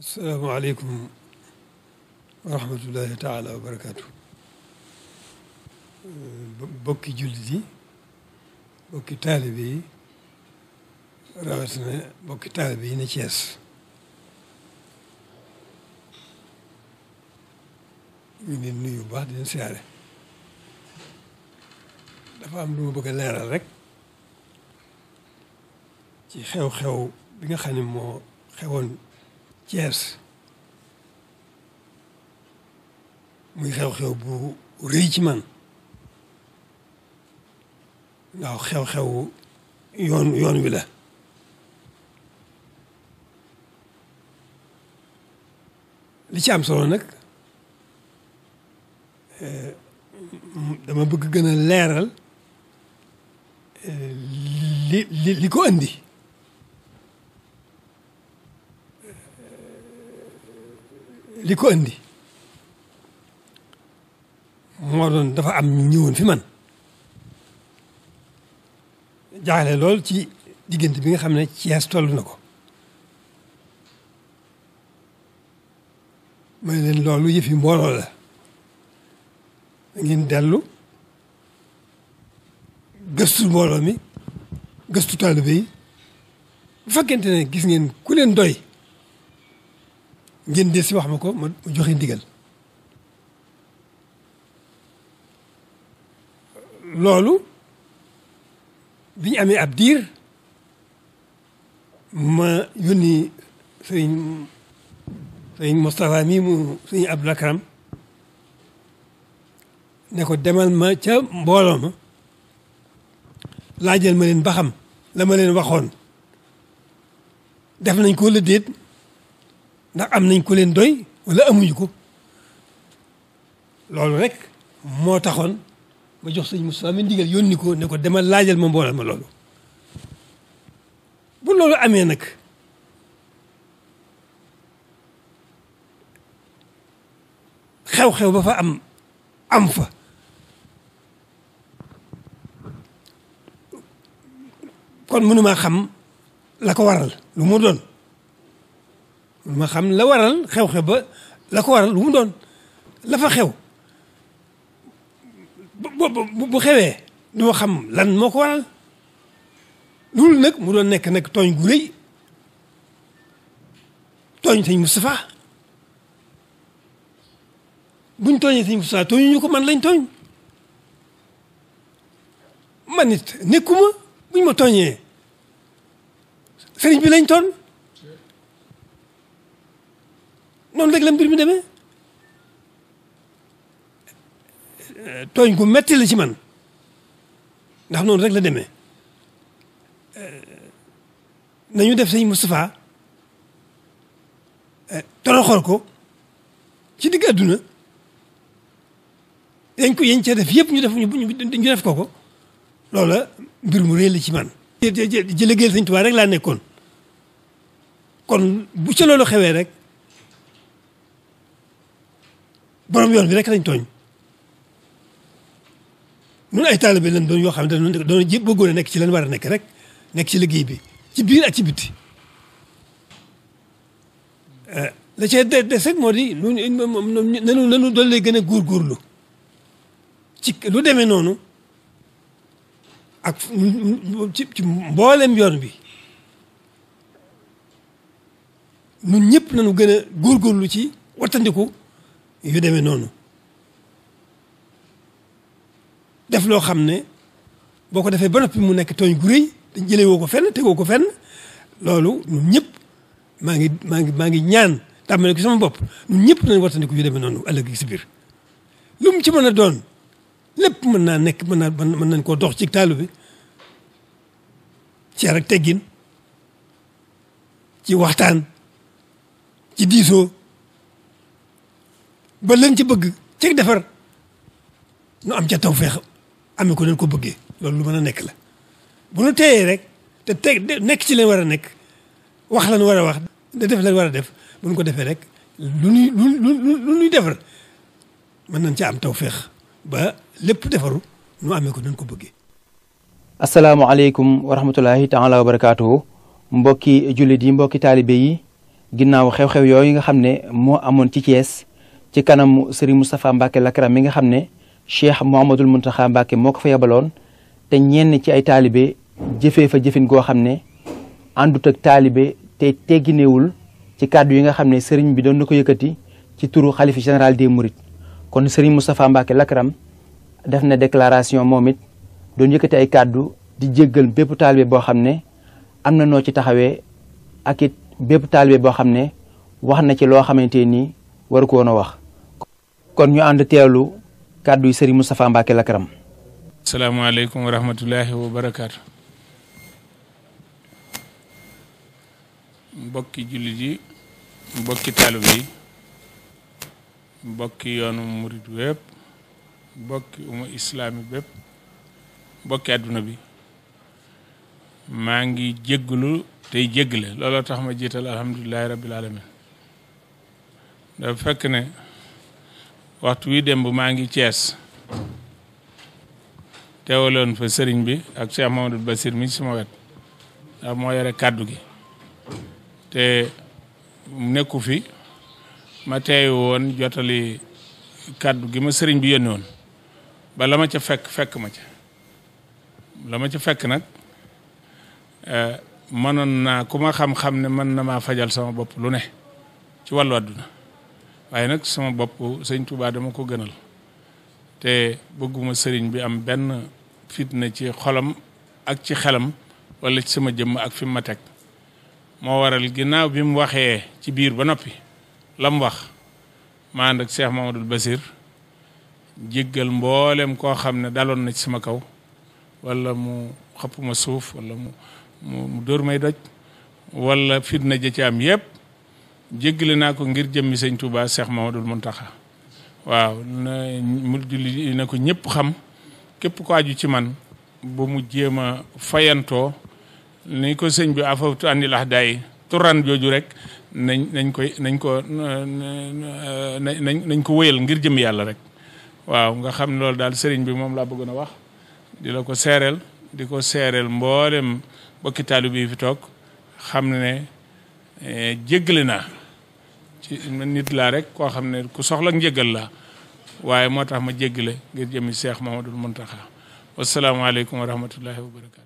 asalaamaaleykum wa rahmatullahi taala wa barakaatu bokki jullit yi bokki taalibe yi rawatina bokki taalibe yi Cees ñu ngi nuyu bu baax di leen dafa am lu ma bëgg a leeral rek ci xew-xew bi nga xam ne moo xewoon Thiès muy xew-xew bu rëy ci man ndax xew xew yoon yoon wi la li ci am solo nag eh, dama bëgg gën a leeral eh, li li li ko andi li ko andi moo doon dafa am ñëwoon fi man jaaxle lool ci diggante bi nga xam ne Cees toll na ko ma leen loolu yëfi mbooloo la ngeen dellu gëstu mbooloo mi gëstu taalibe yi bu fekkente ne gis ngeen ku leen doy ngeen de si wax ma ko ma joxe ndigal loolu bi amee ab diir ma yónni sëriñ sëriñ Moustapha mii mu sëriñ ne ko demal ma ca mbooloo ma laajal ma leen ba xam la ma leen waxoon def nañ ko la ndax am nañ ko leen doy wala amuñ ko loolu rek moo taxoon ma jox sëñ Moussa mi ndigal yónni ko ne ko demal laajal ma mboolal ma loolu bu loolu amee nag xew-xew ba fa am am fa kon mënumaa xam la ko waral lu mu doon ma xam la waral xew-xew ba la ko waral lu mu doon lafa fa xew bu bu xewee doo xam lan moo ko waral loolu nag mu doon nekk nekk tooñ gu tooñ sëñ Moustapha buñ tooñee sëñ Moustapha tooñu ñu ko man lañ tooñ man it nekkuma buñ ma tooñee sëriñ bi lañ toon noonu rek la mbir mi deme tooñ ku metti la ci man ndax noonu rek la demee nañu def sëñ Moustapha toroxal ko ci digg adduna dañ ko yéen cee def yëpp ñu def ñu def ko ko loola mbir mu réy la ci man. jë jë jë liggéeyal sëñ Tuubaa rek laa nekkoon kon bu ca loolu xewee rek. borom yoon bi rek nañ tooñ ñun ay taalibe lañ doon yoo xam ne dañu doon ji bëggoon a nekk ci lañ war a nekk rek nekk ci liggéey bi ci biir ak ci bitti euh, la cee de des rek moo di lu nanu nanu gën a góorgóorlu ci lu demee noonu ak ci mboolem yoon bi ñun ñëpp nañu gën a góorgóorlu ci wattandiku yu demee noonu def loo xam ne boo ko defee ba noppi mu nekk tooñ gu rëy te jëlee woo ko fen tegoo ko fenn loolu ñun ñëpp maa ngi maa ngi maa ngi ñaan tàmbale ko sama bopp ñun ñëpp nañ wattandiku yu demee noonu ëllëg si biir lum mu ci mën a doon lépp mën naa nekk mën naa mën nañ koo dox ci taalu bi ci yar teggin ci waxtaan ci diisoo ba leen ci bëgg ci defar nu am ca tawféex amee ko leen ko bëggee loolu lu mën a nekk la bu nu teeyee rek te teg nekk ci leen war a nekk wax lan war a wax da def lan war a def bu nu ko defee rek lu nuy defar mën nañ ca am taw tawféex ba lépp defaru nu amee ko leen ko bëggee asalaamaaleykum wa rahmatulahi taala wa barakaatu mbokki jullit yi mbokki taalibe yi ginnaaw xew-xew yooyu nga xam ne moo amoon ci Thiès ci kanamu Serigne Moustapha Mbacke Lakram mi nga xam ne Cheikh Mouhamadul Mountakha Mbacke moo ko fa yebaloon te ñenn ci ay taalibe jëfee fa jëfin goo xam ne àndut taalibe te tegginewul ci kàddu yi nga xam ne Serigne bi doon na ko yëkkati ci turu xalifi général de Mourides kon Serigne Moustapha Mbacke Lakram def na déclaration moom it doon yëkkati ay kàddu di jéggal bépp taalibe boo xam ne am na noo ci taxawee ak it bépp taalibe boo xam ne wax na ci loo xamante nii waru ko a wax kon ñu ànd teewlu kàddu yi Serigne Moustapha Mbacke Lakaram. salaamaaleykum wa rahmatulahi wa barakaatu. mbokki jullit yi mbokki taalib yi mbokki yoonu murit wépp mbokki uma islaami bépp mbokki àdduna bi maa ngi jégglu tey jéggle looloo tax ma jiital alhamdulilahi rabbil alamin dafa fekk ne waxtu wi démb maa ngi Cees teewaloon fa sëriñ bi ak Cheikh Mamadou Basir mi sama wet ndax moo yore kàddu gi te nekku fi ma teeyu woon jotali kàddu gi ma sëriñ bi yónni woon ba la ma ca fekk fekk ma ca la ma ca fekk nag eh, mënoon naa ku ma xam-xam ne mën na maa fajal sama bopp lu ne ci wàllu àdduna waaye nag sama bopp sëñ Touba dama ko gënal te bëgguma sëriñ bi am benn fitna ci xolam ak ci xelam walla ci sama jëmm ak fi ma teg moo waral ginnaaw bi mu waxee ci biir ba noppi la mu wax ma ànd ak Cheikh Mamadou Basir jéggal mboolem koo xam ne daloon na ci sama kaw wala mu xëpp suuf wala mu mu dóor may doj wala fitna ja ci am yépp jéggale naa ko ngir jëmmi sëñ Touba Cheikh Mamadou Mountakha waaw na mu julli na ko ñëpp xam képp ko aju ci man ba mu jéem a fayantoo ni ko sëñ bi afawtu andi lax daay turan jooju rek nañ nañ koy nañ ko nañ nañ ko wéyal ngir jëm yàlla rek waaw nga xam ne loolu daal sëriñ bi moom laa bëggoon a wax dila ko seereel di ko seereel mboolem bokki taalibe bi fi toog xam ne Eh, jéggale naa ci nit laa rek koo xam ne ku soxla njéggal laa waaye moo tax ma jéggale ngir jëmi Cheikh Mahamadul Muntaxa wasalaamaaleykum wa rahmatullahi wa barakatu